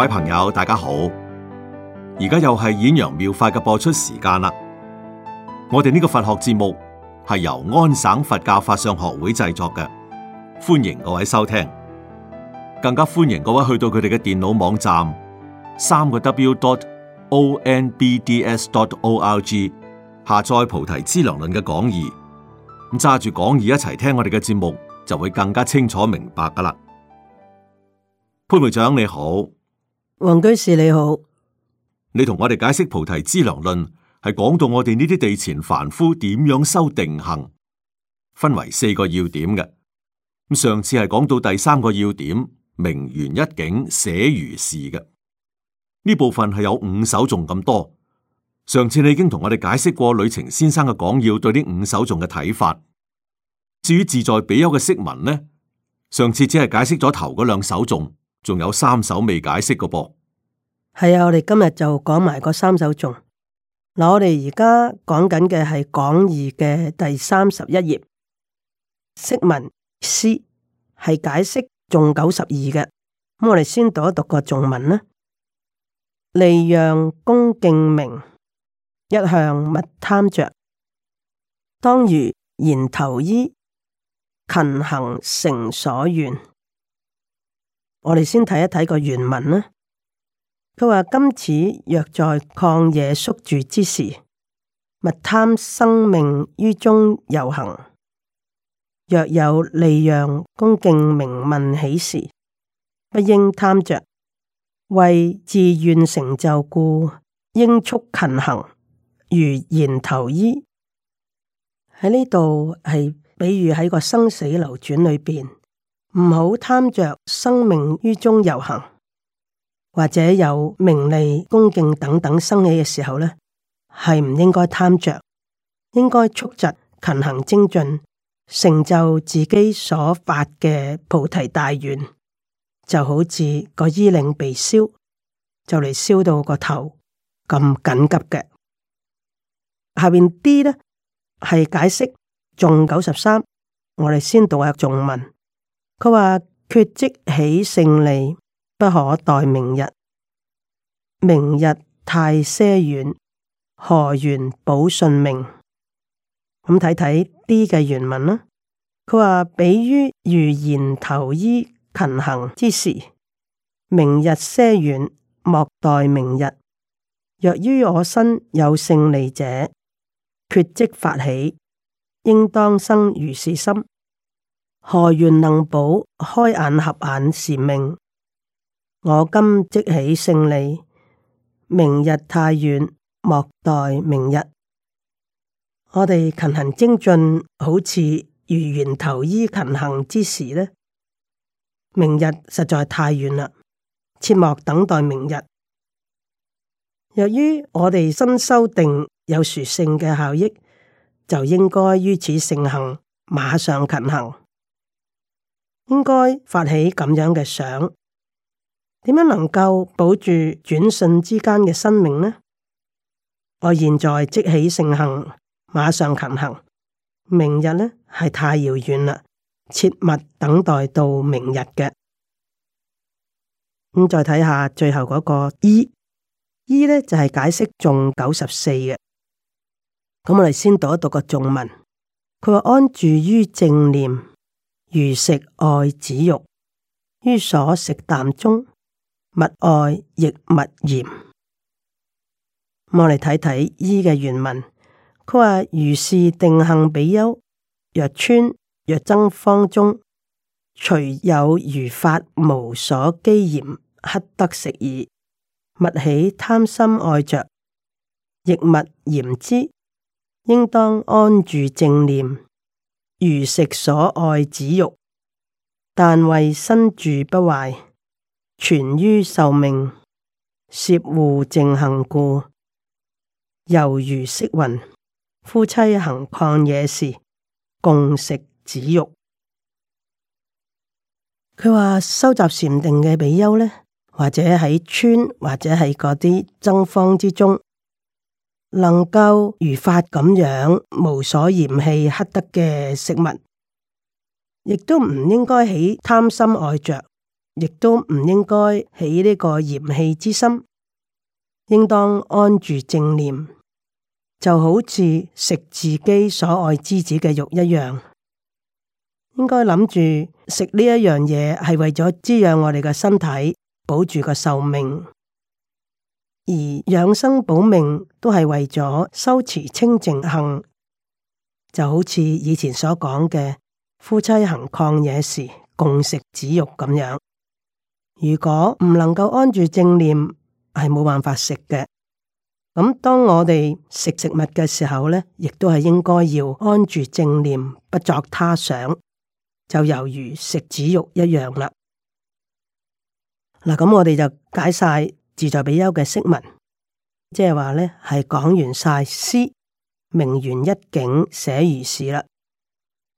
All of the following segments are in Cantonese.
各位朋友，大家好！而家又係《演揚妙法》嘅播出時間啦。我哋呢個佛學節目係由安省佛教法相學會製作嘅，歡迎各位收聽。更加歡迎各位去到佢哋嘅電腦網站，三個 W 點 O N B D S 點 O R G 下載《菩提資糧論》嘅講義，咁揸住講義一齊聽我哋嘅節目，就會更加清楚明白噶啦。潘會長你好。王居士你好，你同我哋解釋《菩提資糧論》係講到我哋呢啲地前凡夫點樣修定行，分為四個要點嘅。咁上次係講到第三個要點，名緣一境，寫如是嘅呢部分係有五首頌咁多。上次你已經同我哋解釋過呂程先生嘅講要對呢五首頌嘅睇法。至於自在比丘嘅釋文呢，上次只係解釋咗頭嗰兩首頌。仲有三首未解釋個噃，係啊！我哋今日就講埋個三首頌，嗱，我哋而家講緊嘅係講義嘅第三十一頁釋文詩，係解釋頌九十二嘅。咁我哋先讀一讀個頌文啦。利讓恭敬明一向勿貪着，當如然頭衣勤行成所願。我哋先睇一睇個原文啦。佢話今此若在曠野宿住之時，勿貪生命於中遊行；若有利養恭敬名聞喜事，不應貪着。為自願成就故，應速勤行，如燃頭衣。喺呢度係比喻喺個生死流轉裏邊。唔好貪着生命於中遊行，或者有名利恭敬等等生起嘅時候呢，係唔應該貪着，應該速疾勤行精進，成就自己所發嘅菩提大願，就好似個衣領被燒，就嚟燒到個頭咁緊急嘅。下面啲呢係解釋頌九十三，93, 我哋先讀下頌文。佢話：決即起勝利，不可待明日。明日太些遠，何緣保順命？咁睇睇啲嘅原文啦。佢話：比於如言投醫勤行之時，明日些遠，莫待明日。若於我身有勝利者，決即發起，應當生如是心。何緣能保？開眼合眼是命。我今即起勝利，明日太遠，莫待明日。我哋勤行精進，好似如緣投衣勤行之時呢，明日實在太遠啦，切莫等待明日。由於我哋新修定有殊勝嘅效益，就應該於此盛行，馬上勤行。應該發起咁樣嘅相，點樣能夠保住轉瞬之間嘅生命呢？我現在即起盛行，馬上勤行，明日呢係太遙遠啦，切勿等待到明日嘅。咁、嗯、再睇下最後嗰個一、e，一、e、呢就係、是、解釋頌九十四嘅。咁、嗯、我哋先讀一讀個頌文，佢話，安住於正念。如食愛子肉，於所食啖中，勿愛亦勿嫌。望嚟，睇睇醫嘅原文，佢話如是定性比丘，若穿若增方中，除有如法無所譏，嫌，乞得食耳，勿起貪心愛着，亦勿嫌之。應當安住正念。如食所愛子肉，但為身住不壞，存於壽命，攝護淨行故。猶如釋云，夫妻行曠野時，共食子肉。佢話收集禪定嘅比丘呢，或者喺村，或者係嗰啲僧坊之中。能夠如法咁樣，無所嫌棄乞得嘅食物，亦都唔應該起貪心愛着，亦都唔應該起呢個嫌棄之心，應當安住正念，就好似食自己所愛之子嘅肉一樣，應該諗住食呢一樣嘢係為咗滋養我哋嘅身體，保住個壽命。而養生保命都係為咗修持清淨行，就好似以前所講嘅夫妻行曠野時共食子肉咁樣。如果唔能夠安住正念，係冇辦法食嘅。咁當我哋食食物嘅時候呢，亦都係應該要安住正念，不作他想，就猶如食子肉一樣啦。嗱，咁我哋就解晒。自在比丘嘅釋文，即係話咧，係講完晒詩，明完一景，寫如是啦。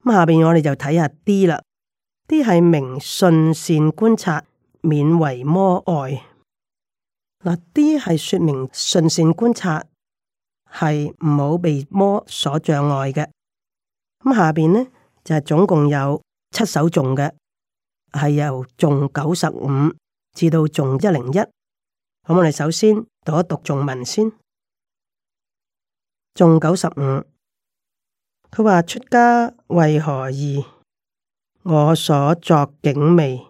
咁下邊我哋就睇下 D 啦。D 係明信善觀察，免為魔礙。嗱，D 係說明信善觀察係唔好被魔所障礙嘅。咁下邊呢，就係、是、總共有七首頌嘅，係由頌九十五至到頌一零一。好，我哋首先讀一讀仲文先，仲九十五，佢話出家為何義？我所作竟未，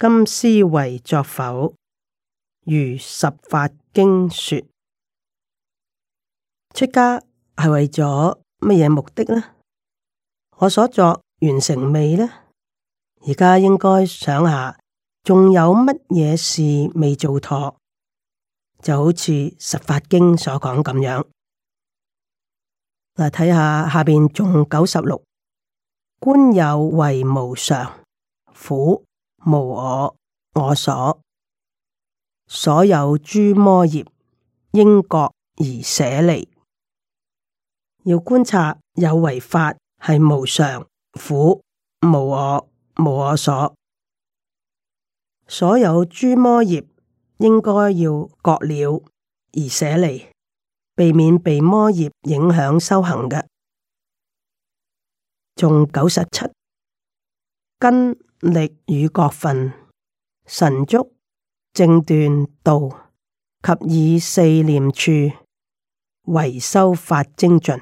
今思為作否？如十法經說，出家係為咗乜嘢目的呢？我所作完成未呢？而家應該想下，仲有乜嘢事未做妥？就好似《十法經》所講咁樣，嚟睇下下邊，仲九十六，觀有為無常苦無我我所，所有諸魔業應覺而捨離。要觀察有為法係無常、苦、無我、無我所，所有諸魔業。應該要割了而捨離，避免被魔業影響修行嘅。仲九十七根力與覺分、神足、正斷道及以四念處為修法精進。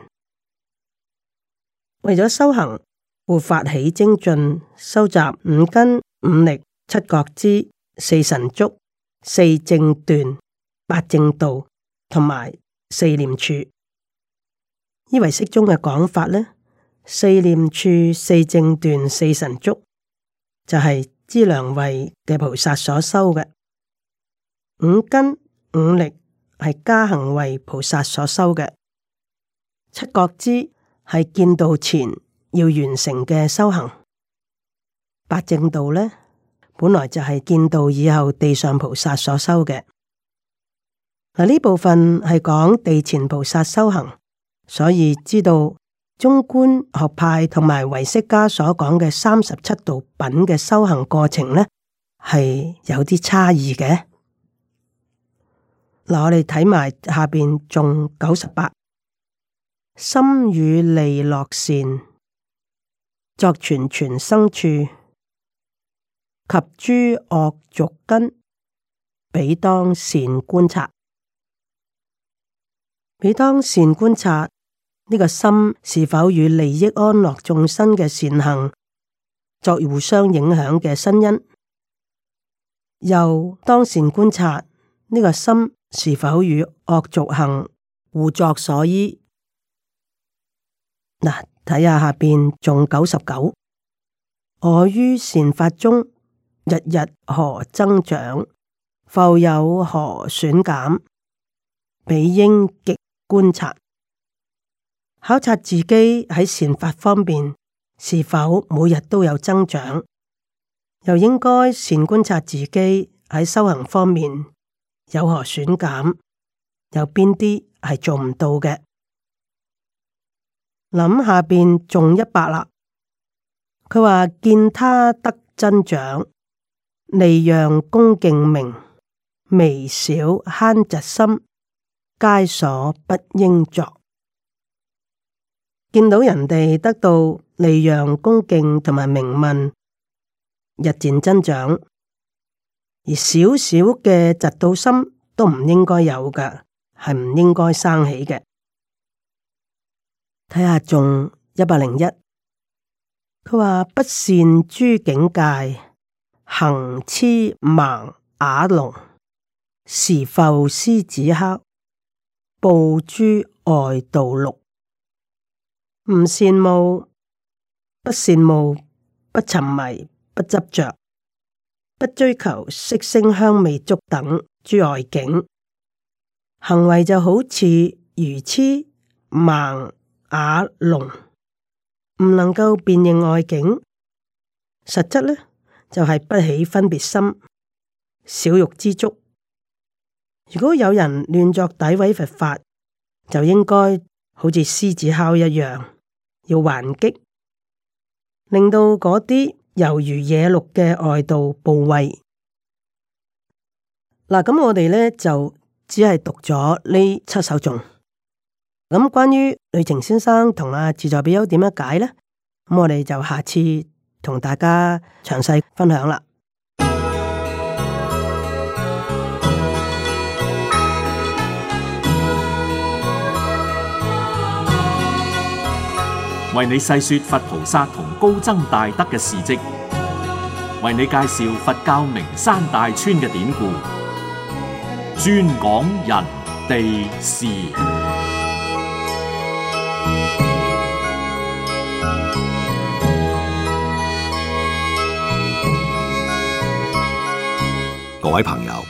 為咗修行，故發起精進，收集五根、五力、七覺支、四神足。四正斷、八正道同埋四念處，依唯識宗嘅講法呢，四念處、四正斷、四神足，就係、是、資糧位嘅菩薩所修嘅。五根、五力係加行位菩薩所修嘅。七覺支係見道前要完成嘅修行。八正道呢，本來就係見到以後地上菩薩所修嘅。嗱，呢部分係講地前菩薩修行，所以知道中觀學派同埋唯識家所講嘅三十七道品嘅修行過程呢，係有啲差異嘅。嗱，我哋睇埋下邊仲九十八，心與利樂善作傳傳生處。及諸惡俗根，彼當善觀察，彼當善觀察呢、這個心是否與利益安樂眾生嘅善行作互相影響嘅身因，又當善觀察呢、這個心是否與惡俗行互作所依。嗱，睇下下邊仲九十九，99，我於善法中。日日何增長，復有何損減？比應極觀察，考察自己喺善法方面是否每日都有增長，又應該善觀察自己喺修行方面有何損減，有邊啲係做唔到嘅？諗下邊仲一百啦，佢話見他得增長。利讓恭敬名，微小慳嫉心，皆所不應作。見到人哋得到利讓恭敬同埋名聞，日漸增長，而小小嘅嫉妒心都唔應該有嘅，係唔應該生起嘅。睇下仲一百零一，佢話不善諸境界。行癡盲啞聾，時浮師子黑，布諸外道六，唔羨慕，不羨慕，不沉迷，不執着，不追求色聲香味觸等諸外境，行為就好似愚癡盲啞聾，唔能夠辨認外境，實質呢？就係不起分別心，少欲知足。如果有人亂作詆毀佛法，就應該好似獅子哮一樣，要還擊，令到嗰啲猶如野鹿嘅外道怖畏。嗱，咁我哋咧就只係讀咗呢七首頌。咁關於呂澂先生同阿自在比丘點樣解咧，咁我哋就下次，同大家詳細分享啦！為你細說佛菩薩同高僧大德嘅事迹，為你介紹佛教名山大川嘅典故，專講人地事。各位朋友，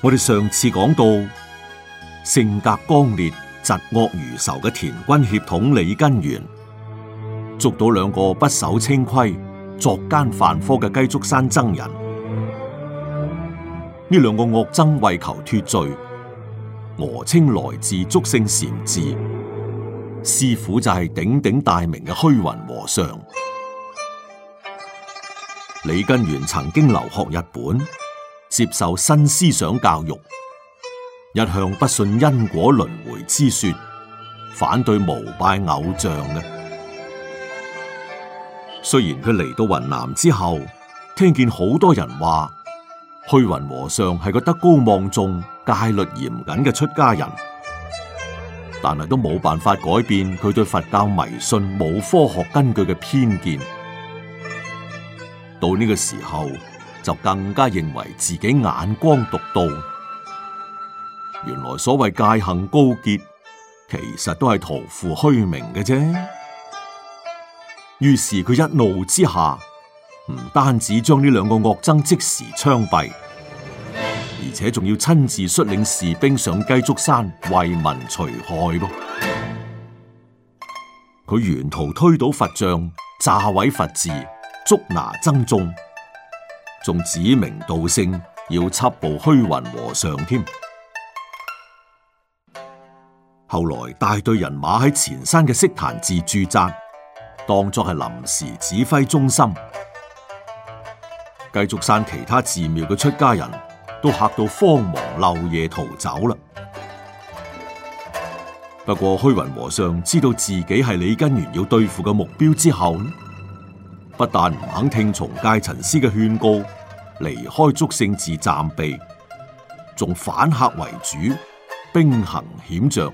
我哋上次講到性格剛烈、嫉惡如仇嘅田軍協統李根源捉到兩個不守清規、作奸犯科嘅雞足山僧人。呢兩個惡僧為求脱罪，訛稱來自竹聖禪寺，師傅就係鼎鼎大名嘅虛雲和尚。李根源曾經留學日本，接受新思想教育，一向不信因果輪迴之說，反對膜拜偶像嘅。雖然佢嚟到雲南之後，聽見好多人話虛雲和尚係個德高望重、戒律嚴謹嘅出家人，但係都冇辦法改變佢對佛教迷信冇科學根據嘅偏見。到呢個時候，就更加認為自己眼光獨到。原來所謂戒行高潔，其實都係徒負虛名嘅啫。於是佢一怒之下，唔單止將呢兩個惡僧即時槍斃，而且仲要親自率領士兵上雞足山為民除害咯。佢沿途推倒佛像，炸毀佛寺。捉拿僧眾，仲指名道姓要緝捕虛雲和尚添。後來大隊人馬喺前山嘅悉檀寺駐紮，當作係臨時指揮中心。繼續散其他寺廟嘅出家人都嚇到慌忙漏夜逃走啦。不過虛雲和尚知道自己係李根源要對付嘅目標之後，不但唔肯聽從戒塵師嘅勸告，離開祝聖寺暫避，仲反客為主，兵行險着，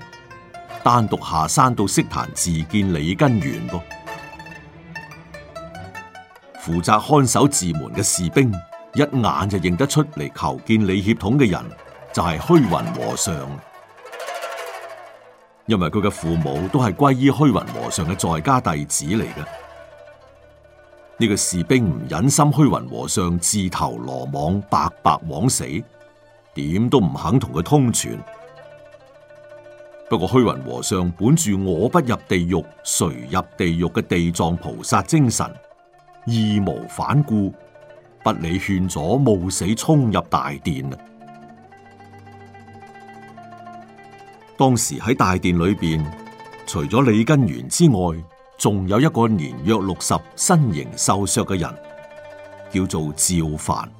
單獨下山到悉檀自見李根源噃。負 責看守寺門嘅士兵一眼就認得出嚟求見李協統嘅人就係虛雲和尚，因為佢嘅父母都係歸依虛雲和尚嘅在家弟子嚟嘅。呢個士兵唔忍心虛雲和尚自投羅網，白白枉死，點都唔肯同佢通傳。不過虛雲和尚本住我不入地獄，誰入地獄嘅地藏菩薩精神，義無反顧，不理勸阻，冒死衝入大殿。當時喺大殿裏邊，除咗李根源之外，仲有一個年約六十、身形瘦削嘅人，叫做趙凡。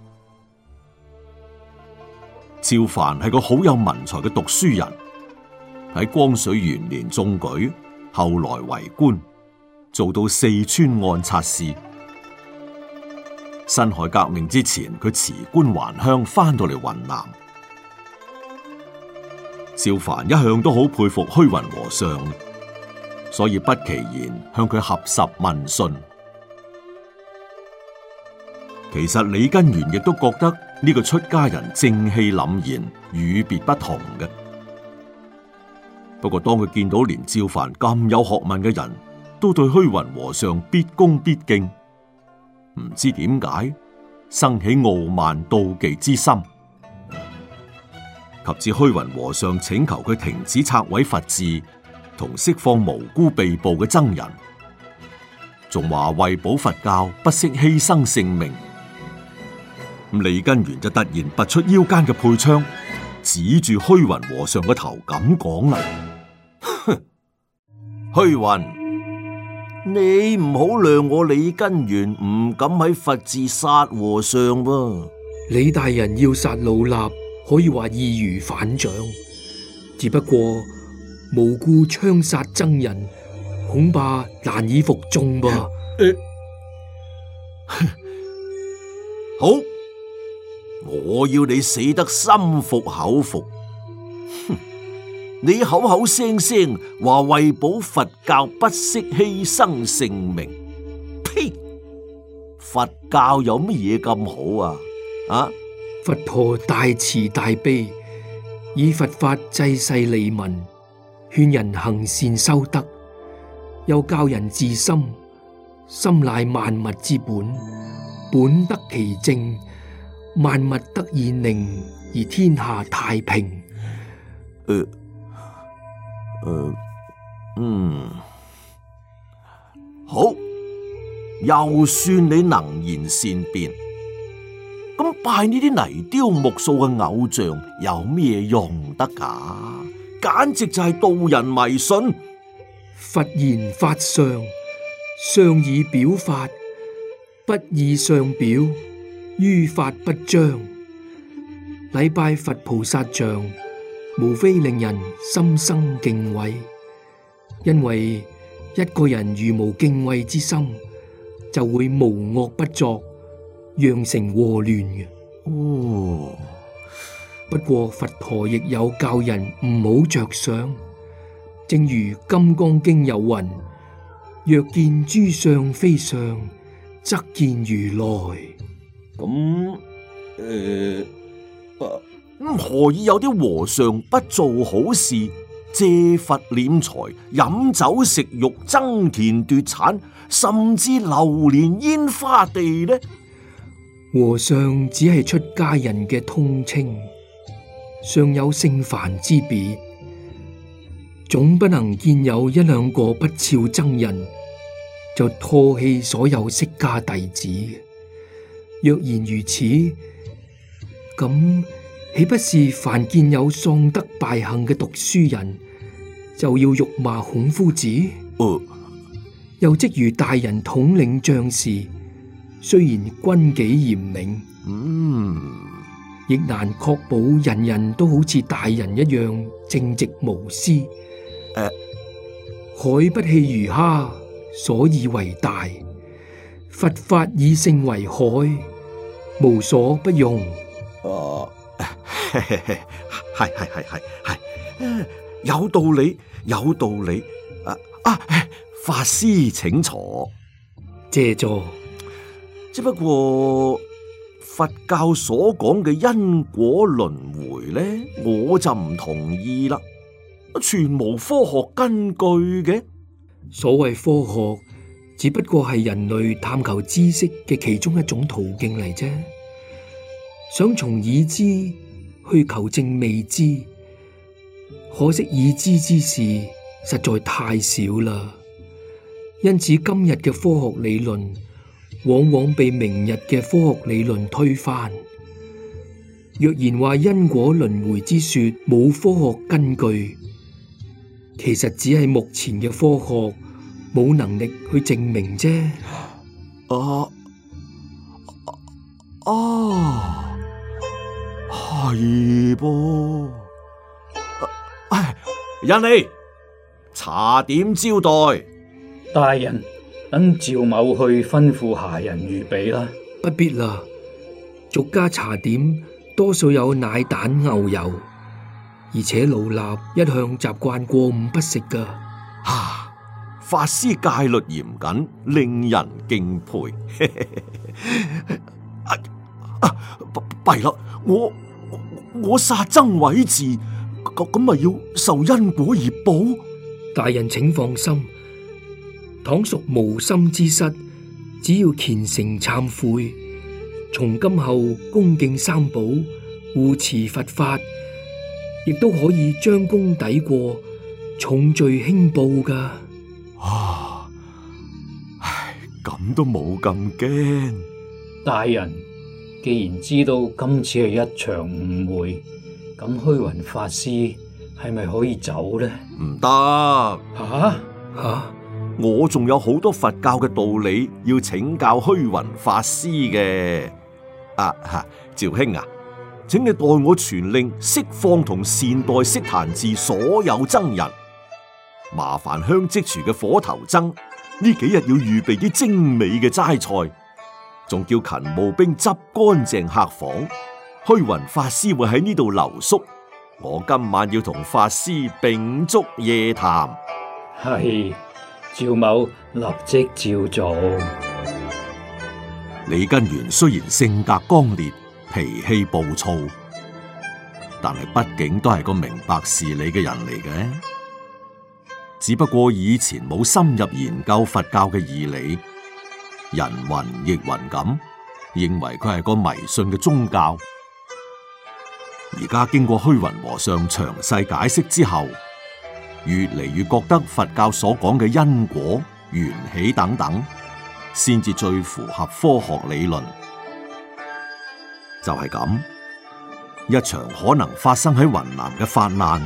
趙凡係個好有文才嘅讀書人，喺光緒元年中舉，後來為官，做到四川按察司。辛亥革命之前，佢辭官還鄉，翻到嚟雲南。趙凡一向都好佩服虛雲和尚。所以不其然，向佢合十問訊。其實李根源亦都覺得呢個出家人正氣凜然，與別不同嘅。不過當佢見到連趙藩咁有學問嘅人都對虛雲和尚必恭必敬，唔知點解生起傲慢妒忌之心，及至虛雲和尚請求佢停止拆毀佛寺。同釋放無辜被捕嘅僧人，仲話為保佛教不惜犧牲性命。咁李根源就突然拔出腰間嘅配槍，指住虛雲和尚嘅頭咁講啦！虛雲，你唔好量我李根源唔敢喺佛寺殺和尚噃。李大人要殺老衲，可以話易如反掌，只不過。無故槍殺僧人，恐怕難以服眾吧。誒，好，我要你死得心服口服。哼，你口口聲聲話為保佛教不惜犧牲性命，呸！佛教有乜嘢咁好啊？啊，佛陀大慈大悲，以佛法濟世利民。勸人行善修德，又教人治心，心乃萬物之本，本得其正，萬物得以寧，而天下太平。誒誒，嗯，好，又算你能言善辯，咁拜呢啲泥雕木塑嘅偶像有咩用得㗎？簡直就係導人迷信。佛言法相，相以表法，不以相表。於法不彰，禮拜佛菩薩像，無非令人心生敬畏。因為一個人如無敬畏之心，就會無惡不作，釀成禍亂嘅。哦。不過佛陀亦有教人唔好着想，正如《金剛經》有云：若見諸相非相，則見如來。咁誒、呃，啊，何以有啲和尚不做好事，借佛斂財、飲酒食肉、增田奪產，甚至流連煙花地呢？和尚只係出家人嘅通稱。尚有聖凡之別，總不能見有一兩個不肖僧人，就唾棄所有釋迦弟子。若然如此，咁豈不是凡見有喪德敗行嘅讀書人，就要辱罵孔夫子？哦，又即如大人統領將士，雖然軍紀嚴明，嗯。亦難確保人人都好似大人一樣正直無私。誒，uh, 海不棄魚蝦，所以為大。佛法以性為海，無所不用。哦、uh, 係係係係係，有道理，有道理。啊啊，法師請坐，謝座。只不過。佛教所講嘅因果輪回呢，我就唔同意啦，全無科學根據嘅。所謂科學，只不過係人類探求知識嘅其中一種途徑嚟啫。想從已知去求證未知，可惜已知之事實在太少啦。因此今日嘅科學理論。往往被明日嘅科學理論推翻。若然話因果輪回之說冇科學根據，其實只係目前嘅科學冇能力去證明啫、啊。啊，啊係噃。哎，人、啊、嚟，茶點招待。大人。等趙某去吩咐下人預備啦。不必啦，俗家茶點多數有奶蛋牛油，而且老衲一向習慣過午不食噶。啊，法師戒律嚴謹，令人敬佩。啊 啊，弊、啊、啦、啊，我我殺僧毀寺，咁咪要受因果而報。大人請放心。倘屬無心之失，只要虔誠懺悔，從今後恭敬三寶、護持佛法，亦都可以將功抵過，重罪輕報噶。啊，唉，咁都冇咁驚。大人既然知道今次係一場誤會，咁虛雲法師係咪可以走呢？唔得行，吓吓、啊。啊我仲有好多佛教嘅道理要請教虛雲法師嘅，啊，趙兄啊，請你代我傳令釋放同善待悉檀寺所有僧人，麻煩香積廚嘅火頭僧呢幾日要預備啲精美嘅齋菜，仲叫勤務兵執乾淨客房。虛雲法師會喺呢度留宿，我今晚要同法師秉燭夜談。係。趙某立即照做。李根源雖然性格剛烈，脾氣暴躁，但係畢竟都係個明白事理嘅人嚟嘅。只不過以前冇深入研究佛教嘅義理，人云亦云咁，認為佢係個迷信嘅宗教。而家經過虛雲和尚詳細解釋之後，越嚟越覺得佛教所講嘅因果緣起等等，先至最符合科學理論。就係咁，一場可能發生喺雲南嘅法難，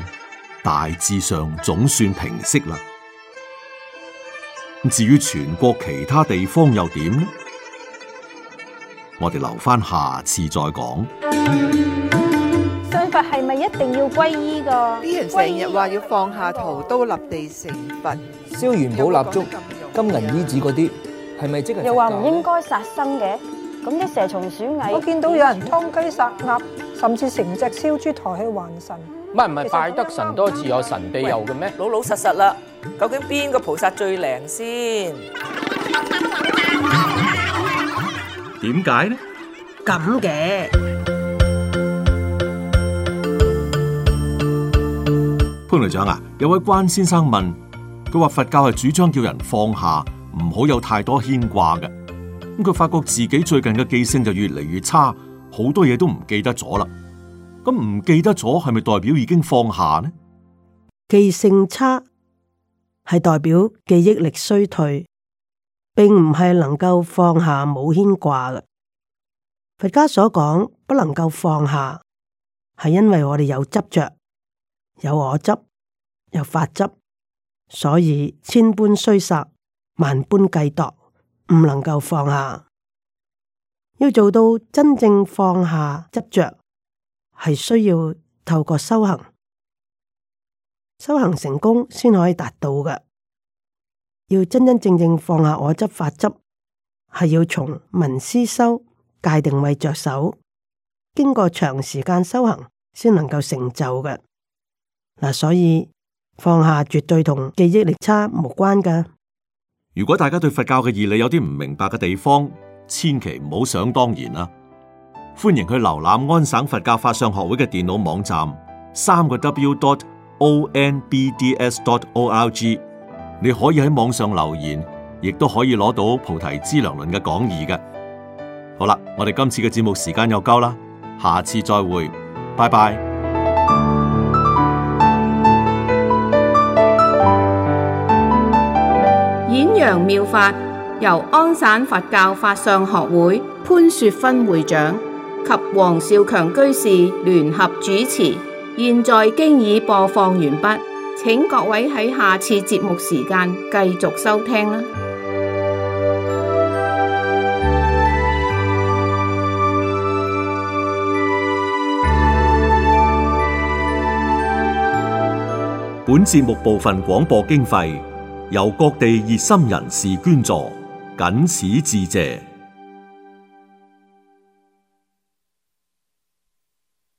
大致上總算平息啦。至於全國其他地方又點呢？我哋留翻，下次再講。係咪一定要皈依噶？啲人成日話要放下屠刀立地成佛，燒元寶蠟燭、金銀衣紙嗰啲，係咪即係？又話唔應該殺生嘅，咁啲蛇蟲鼠蟻，我見到有人劏雞殺鴨，甚至成隻燒豬抬去還神。唔係唔係，拜得神多自有神庇佑嘅咩？老老實實啦，究竟邊個菩薩最靈先？點解呢？咁嘅。關隊長啊，有位關先生問佢話佛教係主張叫人放下，唔好有太多牽掛嘅。咁佢發覺自己最近嘅記性就越嚟越差，好多嘢都唔記得咗啦。咁唔記得咗係咪代表已經放下呢？記性差係代表記憶力衰退，並唔係能夠放下冇牽掛嘅。佛家所講不能夠放下，係因為我哋有執着，有我執。有法執，所以千般衰殺，萬般計度唔能夠放下。要做到真正放下執着，係需要透過修行，修行成功先可以達到嘅。要真真正正放下我執、法執，係要從聞思修、戒定慧着手，經過長時間修行先能夠成就嘅。嗱、啊，所以。放下絕對同記憶力差無關噶。如果大家對佛教嘅義理有啲唔明白嘅地方，千祈唔好想當然啦。歡迎去瀏覽安省佛教法相學會嘅電腦網站，三個 W dot O N B D S dot O R G。你可以喺網上留言，亦都可以攞到菩提資糧論嘅講義嘅。好啦，我哋今次嘅節目時間又夠啦，下次再會，拜拜。妙法由安省佛教法相學會潘雪芬會長及黃少強居士聯合主持，現在經已播放完畢，請各位喺下次節目時間繼續收聽啦。本節目部分廣播經費。由各地熱心人士捐助，謹此致謝。